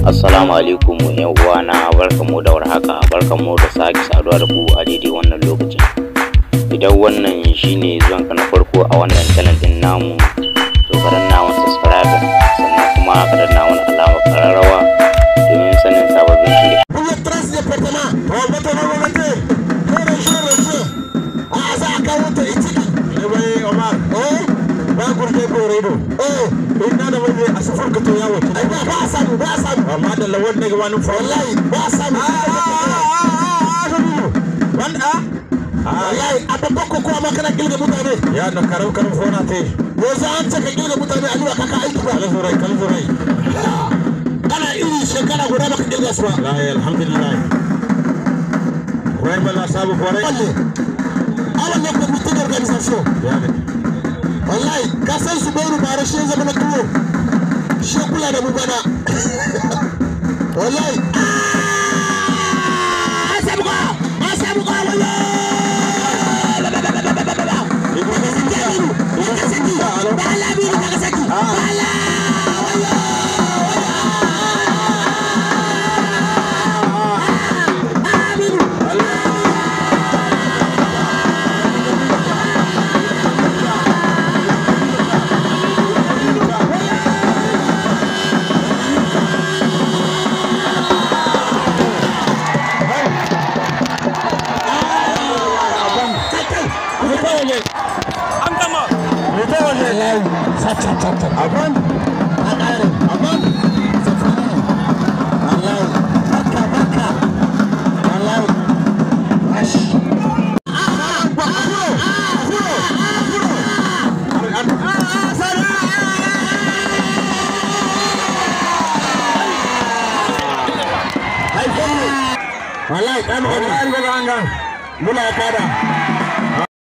Assalamu alaikum yan uwana mu da warhaka barkamu da sake saduwa da ku a daidai wannan lokacin. Idan wannan shine zuwanka na farko a wannan channel din namu to karan na redo eh inda da wani a safar ka to yawo ai ba ba san ba san amma da lawan daga wani fa wallahi ba san a a a wanda wallahi a babban ko kuma makana gilga mutane ya da karau karau fona te yanzu an ce ka gilga mutane a duba kaka aiki ba kalzurai kalzurai kana iri shekara guda baka gilga su ba alhamdulillah Rainbow Lasabu Correct. Olha, olha a minha computadora organização. Yeah, wallahi ka san su bai rubara shi zama na tuwo shi kula da mu bana wallahi asabuka ah, ah, ba ba fita waje an gama fita waje wallahi sacha a